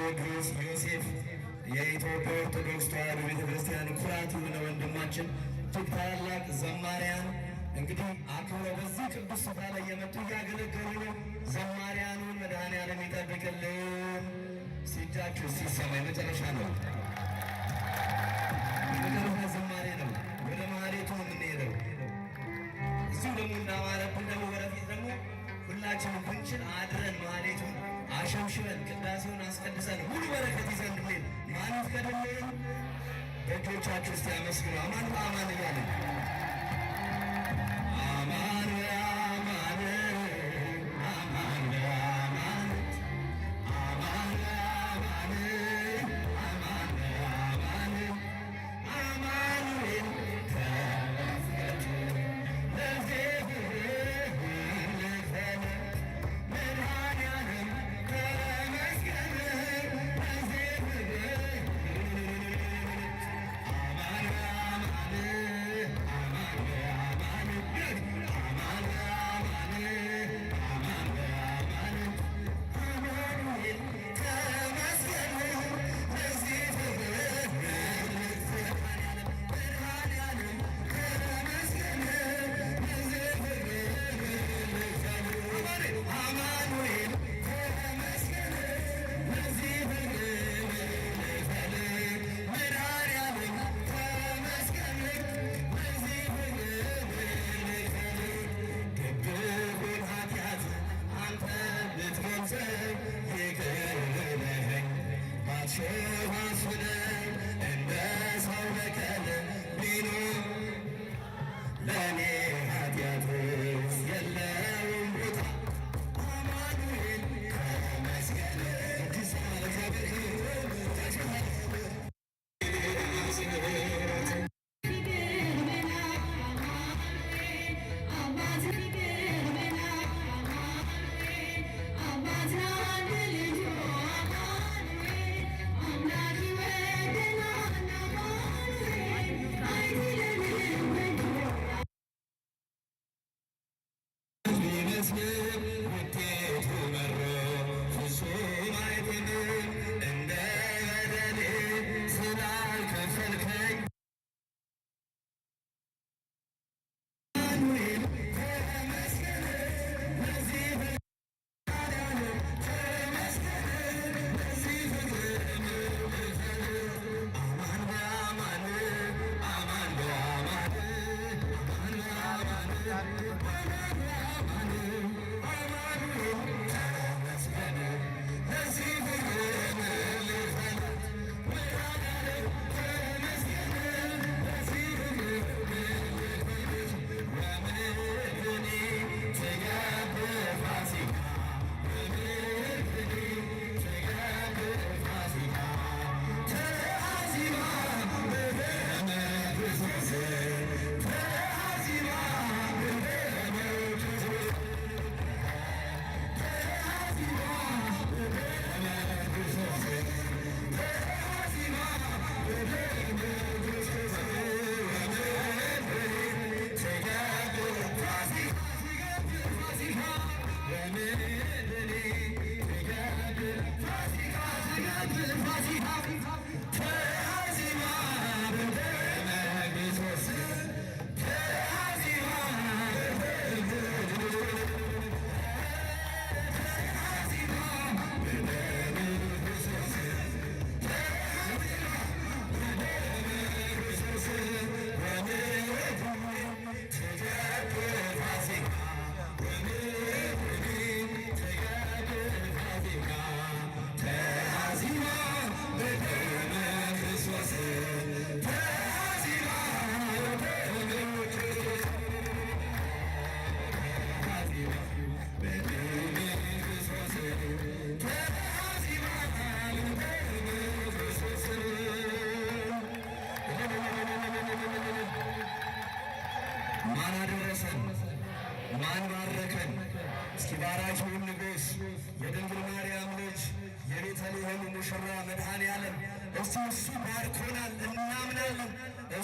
ቴዎድሮስ ዮሴፍ የኢትዮጵያ ኦርቶዶክስ ተዋሕዶ ቤተክርስቲያን ኩራት የሆነ ወንድማችን እጅግ ታላላቅ ዘማሪያን እንግዲህ አክብረው በዚህ ቅዱስ ስፍራ ላይ የመጡ እያገለገሉ ነው። ዘማሪያኑን መድኃኔዓለም ይጠብቅልን። ሲጃችሁ ሲሰማ የመጨረሻ ነው። ቤታችን አድረን ማሌቱን አሸብሽበን ቅዳሴውን አስቀድሰን ሙሉ በረከት ይዘን ማለት ቀደም በእጆቻችሁ ውስጥ ያመስግኑ አማን በአማን እያለን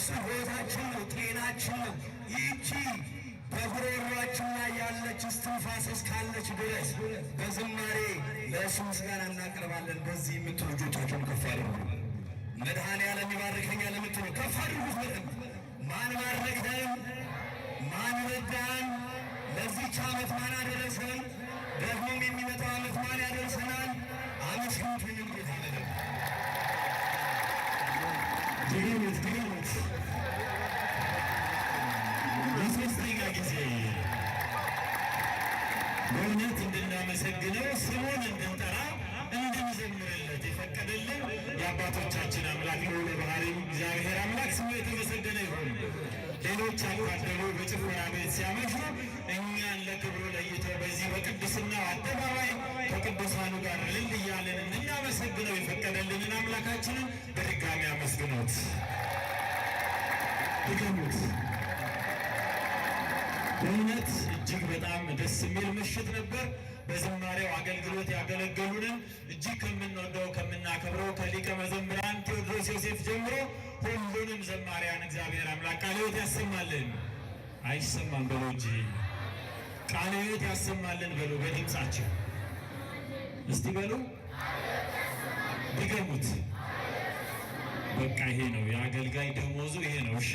ጸሎታችሁ ነው፣ ጤናችሁ ነው። ይቺ በጉሮሯችሁ ላይ ያለች እስትንፋስ እስካለች ድረስ በዝማሬ ለእሱ ምስጋና እናቀርባለን። በዚህ የምትሉ እጆቻችሁን ከፍ አድርጉ። መድኃኔዓለም ይባርከኛል የምትሉ ከፍ አድርጉት። በደንብ ማን ባረከን? ማን ረዳን? ለዚች ዓመት ማን አደረሰን? ደግሞም የሚመጣው ዓመት ማን ያደርሰናል? አመስግኑት። ጌታ በደንብ እንድናመሰግነው ስሙን እንድንጠራ እንድንዘምርለት የፈቀደልን የአባቶቻችን አምላክ የሆነ ባህሪ እግዚአብሔር አምላክ ስሙ የተመሰገነ ይሆን። ሌሎች አካደሉ በጭፈራ ቤት ሲያመሹ እኛን ለክብሩ ለይቶ በዚህ በቅድስናው አደባባይ ከቅዱሳኑ ጋር ልል እያለን እንድናመሰግነው የፈቀደልንን አምላካችንን በድጋሚ አመስግኖት ድገሙት። በእውነት እጅግ በጣም ደስ የሚል ምሽት ነበር። በዝማሬው አገልግሎት ያገለገሉንን እጅግ ከምንወደው ከምናከብረው ከሊቀ መዘምራን ቴዎድሮስ ዮሴፍ ጀምሮ ሁሉንም ዘማሪያን እግዚአብሔር አምላክ ቃለ ሕይወት ያሰማልን። አይሰማም በሎ እንጂ ቃለ ሕይወት ያሰማልን በሎ። በድምፃቸው እስቲ በሉ ድገሙት። በቃ ይሄ ነው የአገልጋይ ደሞዙ፣ ይሄ ነው። እሺ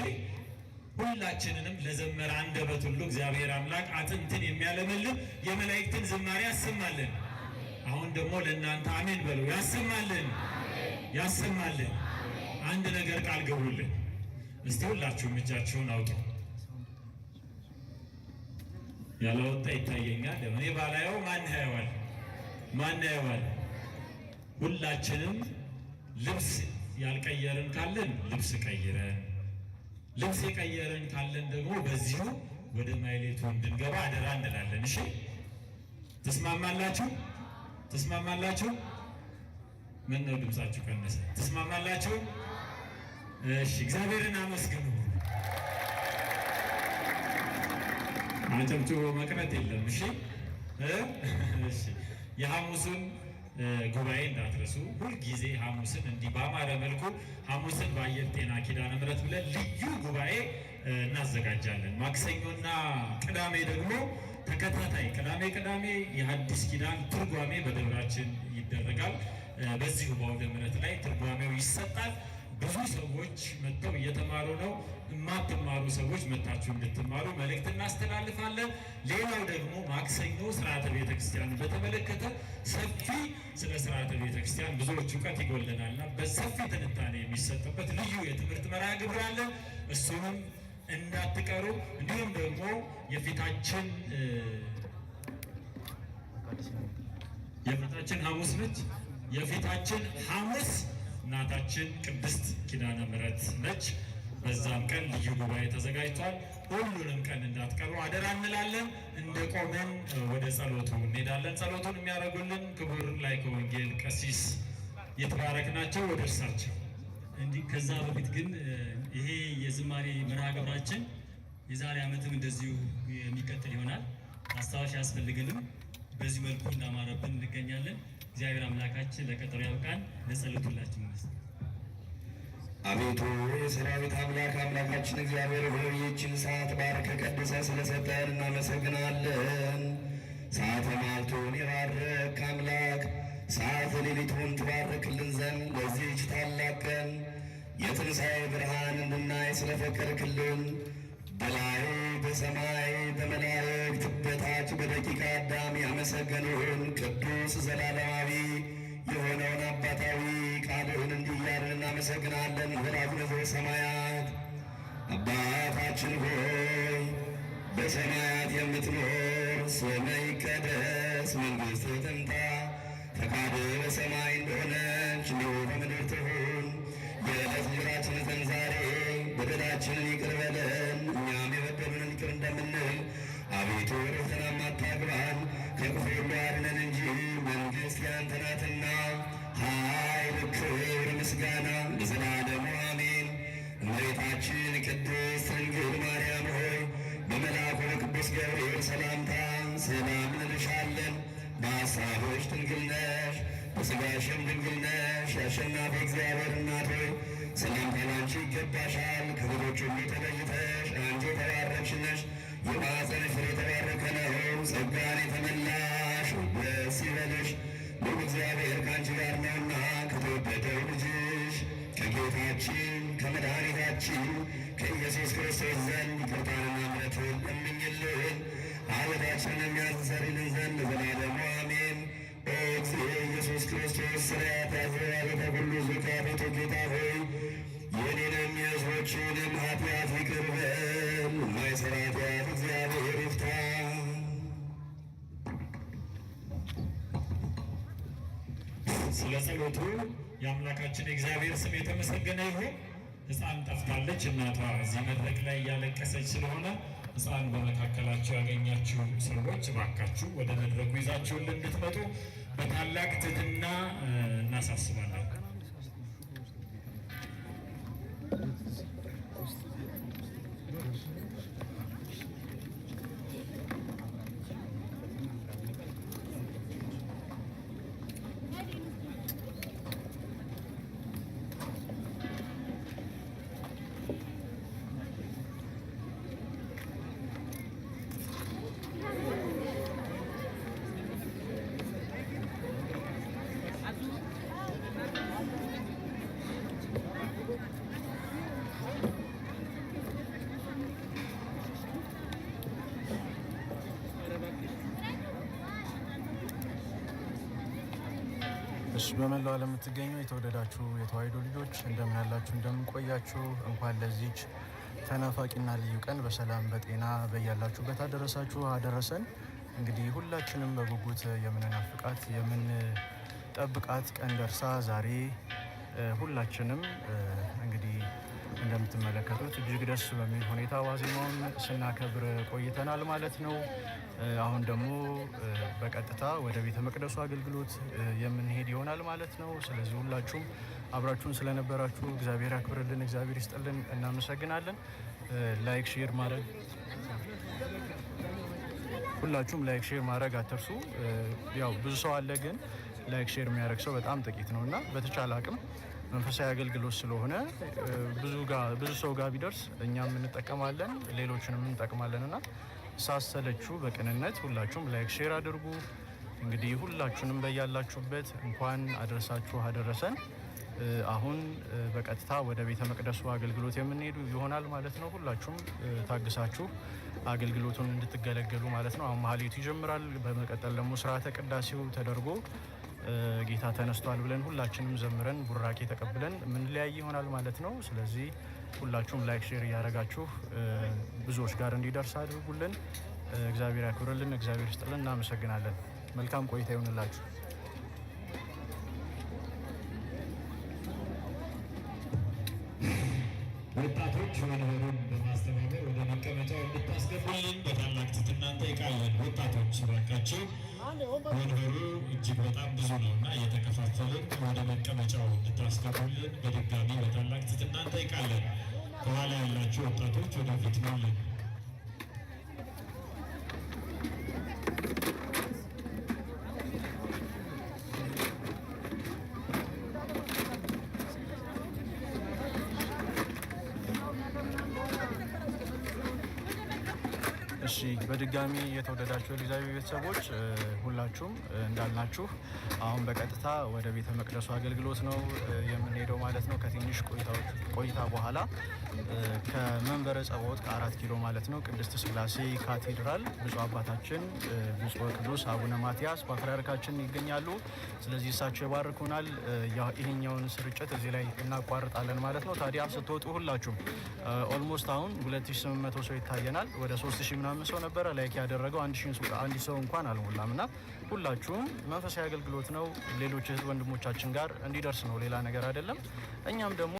ሁላችንንም ለዘመረ አንደበት ሁሉ እግዚአብሔር አምላክ አጥንትን የሚያለመልም የመላእክትን ዝማሬ ያሰማልን። አሁን ደግሞ ለእናንተ አሜን በለው። ያሰማልን፣ ያሰማልን። አንድ ነገር ቃል ገቡልን። እስቲ ሁላችሁም እጃችሁን አውጡ። ያላወጣ ይታየኛል። እኔ ባላየው ማን ያየዋል? ማን ያየዋል? ሁላችንም ልብስ ያልቀየርን ካለን ልብስ ቀይረን ልብስ የቀየረን ካለን ደግሞ በዚሁ ወደ ማይሌቱ እንድንገባ አደራ እንላለን። እሺ ተስማማላችሁ? ትስማማላችሁ? ምን ነው ድምጻችሁ ቀነሰ? ተስማማላችሁ? እሺ እግዚአብሔርን አመስግኑ። አጨብጭቦ መቅረት የለም። እሺ እሺ የሐሙሱን ጉባኤ እንዳትረሱ። ሁልጊዜ ሐሙስን እንዲህ በአማረ መልኩ ሐሙስን በአየር ጤና ኪዳነ ምሕረት ብለን ልዩ ጉባኤ እናዘጋጃለን። ማክሰኞና ቅዳሜ ደግሞ ተከታታይ ቅዳሜ ቅዳሜ የሐዲስ ኪዳን ትርጓሜ በደብራችን ይደረጋል። በዚሁ በአውደ ምሕረት ላይ ትርጓሜው ይሰጣል። ብዙ ሰዎች መጥተው እየተማሩ ነው። የምትማሩ ሰዎች መታችሁ እንድትማሩ መልእክት እናስተላልፋለን። ሌላው ደግሞ ማክሰኞ ስርዓተ ቤተክርስቲያን በተመለከተ ሰፊ ስለ ስርዓተ ቤተክርስቲያን ብዙዎች እውቀት ይጎልናልና በሰፊ ትንታኔ የሚሰጥበት ልዩ የትምህርት መርሃ ግብር አለ። እሱንም እንዳትቀሩ። እንዲሁም ደግሞ የፊታችን የፊታችን ሐሙስ ነች። የፊታችን ሐሙስ እናታችን ቅድስት ኪዳነ ምሕረት ነች። በዛም ቀን ልዩ ጉባኤ ተዘጋጅቷል። ሁሉንም ቀን እንዳትቀሩ አደራ እንላለን። እንደ ቆመን ወደ ጸሎቱ እንሄዳለን። ጸሎቱን የሚያደርጉልን ክቡር ሊቀ ወንጌል ቀሲስ የተባረክ ናቸው። ወደ እርሳቸው እንዲህ። ከዛ በፊት ግን ይሄ የዝማሬ መርሃ ግብራችን የዛሬ ዓመትም እንደዚሁ የሚቀጥል ይሆናል። ማስታወሻ ያስፈልግንም። በዚህ መልኩ እንዳማረብን እንገኛለን። እግዚአብሔር አምላካችን ለቀጠሮ ያብቃን። ለጸሎቱላችን ይመስላል አቤቱ የሰራዊት አምላክ አምላካችን እግዚአብሔር ሆይ ይህችን ሰዓት ባርከ ቀድሰ ስለሰጠን እናመሰግናለን። ሰዓተ ማልቶን የባረክ አምላክ ሰዓተ ሌሊቱን ትባርክልን ዘንድ በዚህች ታላቅ ቀን የትንሣኤ ብርሃን እንድናይ ስለፈቀድክልን በላይ በሰማይ በመላእክት በታች በደቂቀ አዳም ያመሰገንህን ቅዱስ ዘላለማዊ የሆነውን አባታዊ ቃልህን እንዲያርን እናመሰግናለን። ወላዲተ ዘሰማያት አባታችን ሆይ በሰማያት የምትኖር ስምህ ይቀደስ፣ መንግሥትህ ትምጣ፣ ፈቃድህ በሰማይ እንደሆነች እንዲሁ በምድር ትሁን። የዕለት እንጀራችንን ስጠን ዛሬ፣ በደላችንን ይቅር በለን እኛም የበደሉንን ይቅር እንደምንል፣ አቤቱ ወደ ፈተና አታግባን ከክፉ አድነን እንጂ አንተናትና ኃይል፣ ክብር፣ ምስጋና ለዘላለሙ አሜን። እመቤታችን ቅድስት ድንግል ማርያም ሆይ በመልአኩ ቅዱስ ገብርኤል ሰላምታ ሰላም እንልሻለን። በሐሳብሽ ድንግል ነሽ፣ በሥጋሽም ድንግል ነሽ። የአሸናፊ እግዚአብሔር እናት ሆይ ሰላምታ ላንቺ ይገባሻል። ከሌሎች ሁሉ ተለይተሽ አንቺ የተባረክሽ ነሽ። የማኅፀንሽ ፍሬ የተባረከ ነው። ጸጋን የተመላሽ ደስ ይበልሽ እግዚአብሔር ከአንቺ ጋር ነውና ከተወደደው ልጅሽ ከጌታችን ከመድኃኒታችን ከኢየሱስ ክርስቶስ ዘንድ ይቅርታንና ምሕረትን ለምኝልን ኃጢአታችንን የሚያስተሰርይልን ዘንድ ለዘላለሙ አሜን። በእግዚእ ኢየሱስ ክርስቶስ ስራ ታዘ ያለተሁሉ ዙታ ቤቱ ጌታ ሆይ በጸሎቱ የአምላካችን እግዚአብሔር ስም የተመሰገነ ይሁን። ሕፃን ጠፍታለች። እናቷ እዚህ መድረክ ላይ እያለቀሰች ስለሆነ ሕፃን በመካከላቸው ያገኛችሁ ሰዎች እባካችሁ ወደ መድረኩ ይዛችሁን እንድትመጡ በታላቅ ትትና እናሳስባለን። በመላው ዓለም የምትገኙ የተወደዳችሁ የተዋሕዶ ልጆች እንደምን ያላችሁ እንደምን ቆያችሁ? እንኳን ለዚች ተናፋቂና ልዩ ቀን በሰላም በጤና በያላችሁበት አደረሳችሁ አደረሰን። እንግዲህ ሁላችንም በጉጉት የምንናፍቃት የምንጠብቃት ቀን ደርሳ ዛሬ ሁላችንም እንደምትመለከቱት እጅግ ደስ በሚል ሁኔታ ዋዜማውን ስናከብር ቆይተናል ማለት ነው። አሁን ደግሞ በቀጥታ ወደ ቤተ መቅደሱ አገልግሎት የምንሄድ ይሆናል ማለት ነው። ስለዚህ ሁላችሁም አብራችሁን ስለነበራችሁ እግዚአብሔር ያክብርልን፣ እግዚአብሔር ይስጥልን፣ እናመሰግናለን። ላይክ ሼር ማድረግ ሁላችሁም ላይክ ሼር ማድረግ አትርሱ። ያው ብዙ ሰው አለ ግን ላይክ ሼር የሚያደርግ ሰው በጣም ጥቂት ነው እና በተቻለ አቅም መንፈሳዊ አገልግሎት ስለሆነ ብዙ ሰው ጋር ቢደርስ እኛም እንጠቀማለን፣ ሌሎችንም እንጠቅማለን እና ሳሰለችሁ በቅንነት ሁላችሁም ላይክ ሼር አድርጉ። እንግዲህ ሁላችሁንም በያላችሁበት እንኳን አደረሳችሁ አደረሰን። አሁን በቀጥታ ወደ ቤተ መቅደሱ አገልግሎት የምንሄዱ ይሆናል ማለት ነው። ሁላችሁም ታግሳችሁ አገልግሎቱን እንድትገለገሉ ማለት ነው። አሁን መሀሌቱ ይጀምራል። በመቀጠል ደግሞ ስርዓተ ቅዳሴው ተደርጎ ጌታ ተነስቷል ብለን ሁላችንም ዘምረን ቡራኬ ተቀብለን ምንለያይ ይሆናል ማለት ነው። ስለዚህ ሁላችሁም ላይክ፣ ሼር እያደረጋችሁ ብዙዎች ጋር እንዲደርስ አድርጉልን። እግዚአብሔር ያክብርልን፣ እግዚአብሔር ይስጥልን። እናመሰግናለን። መልካም ቆይታ ይሆንላችሁ። ወጣቶች ወደሆኑን በማስተባበር ወደ መቀመጫው እንድታስገቡልን በታላቅ ትህትና እንጠይቃለን። ወጣቶች እባካችሁ ወንበሩ እጅግ በጣም ብዙ ነው እና እየተከፋፈልን ወደ መቀመጫው እንድታስገቡልን በድጋሚ በታላቅ ትህትና እንጠይቃለን። ከኋላ ያላችሁ ወጣቶች ወደፊት ነውልን በድጋሚ የተወደዳችሁ የልዛዊ ቤተሰቦች ሁላችሁም እንዳልናችሁ አሁን በቀጥታ ወደ ቤተ መቅደሱ አገልግሎት ነው የምንሄደው ማለት ነው። ከትንሽ ቆይታ በኋላ ከመንበረ ጸባዖት ከአራት ኪሎ ማለት ነው ቅድስት ስላሴ ካቴድራል ብፁዕ አባታችን ብፁዕ ቅዱስ አቡነ ማትያስ ፓትርያርካችን ይገኛሉ። ስለዚህ እሳቸው ይባርኩናል። ይህኛውን ስርጭት እዚህ ላይ እናቋርጣለን ማለት ነው። ታዲያ ስትወጡ ሁላችሁም ኦልሞስት አሁን 2800 ሰው ይታየናል። ወደ 3000 ምናምን ሰው ነበረ ላይክ ያደረገው አንድ ሰው እንኳን አልሞላም እና ሁላችሁም መንፈሳዊ አገልግሎት ነው፣ ሌሎች እህት ወንድሞቻችን ጋር እንዲደርስ ነው። ሌላ ነገር አይደለም። እኛም ደግሞ